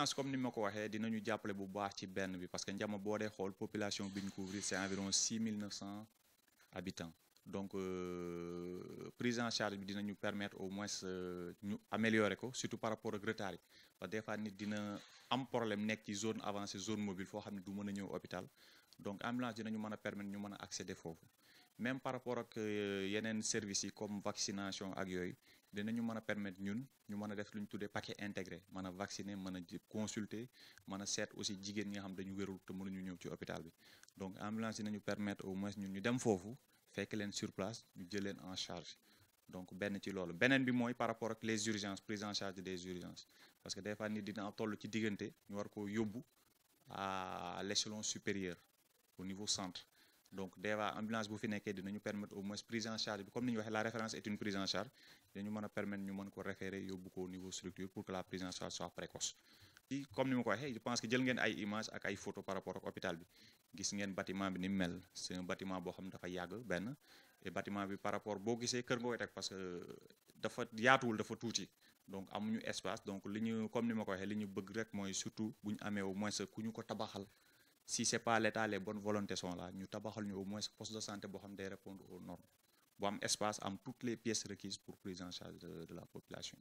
importance comme ni ma ko waxee dinañu jàppale bu baax ci benn bi parce que Ndiama boo dee population bi ñu c'est environ 6900 habitants donc euh, prise en charge bi dinañu permettre au moins euh, ñu améliorer ko surtout par rapport au retard parce que des nit dina am problème nekk ci zone avancée zone mobile mobiles, xam ne du mën a ñëw hôpital donc ambulance dinañu mën permettre ñu mën accéder foofu même par rapport ak euh, yeneen services yi comme vaccination ak de nous permettre ñun ñu mën a def lu ñu intégrés, paquet intégré mën vacciner mën a consulter mën a aussi jigéen ñi nga xam dañu wérul te mënuñu ñëw ci hôpital bi donc ambulance nous permettre au moins ñun ñu dem foofu fekk leen sur place ñu jël leen en charge donc benn ci loolu benen bi moy par rapport ak les urgences prise en charge des urgences parce que des fois nit dina toll ci diggante ñu war ko yobbu à l'échelon supérieur au niveau centre donc déjà ambulance bu fi nekkee dinañu permettre au moins prise en charge bi comme ni ñu waxee la référence est une prise en charge dinañu mën a permettre ñu mën ko référer yóbbu ko niveau structure pour que la prise en charge soit précoce i comme ni ma ko waxee pense que jël ngeen ay image ak ay photo par rapport hôpital bi gis ngeen bâtiment bi ni mu mel c'est un bâtiment boo xam ne dafa yàgg benn et bâtiment bi par rapport boo gisee kër nga koy teg parce que dafa yaatuwul dafa tuuti donc amuñu espace donc li ñu comme ni ma ko waxee li ñu bëgg rek mooy surtout bu ñu amee ku ñu ko tabaxal si ce n'est pas l'état les bonnes volontés sont là Nous, avons au moins poste de santé pour répondre aux normes pour am espace avons toutes les pièces requises pour prise en charge de la population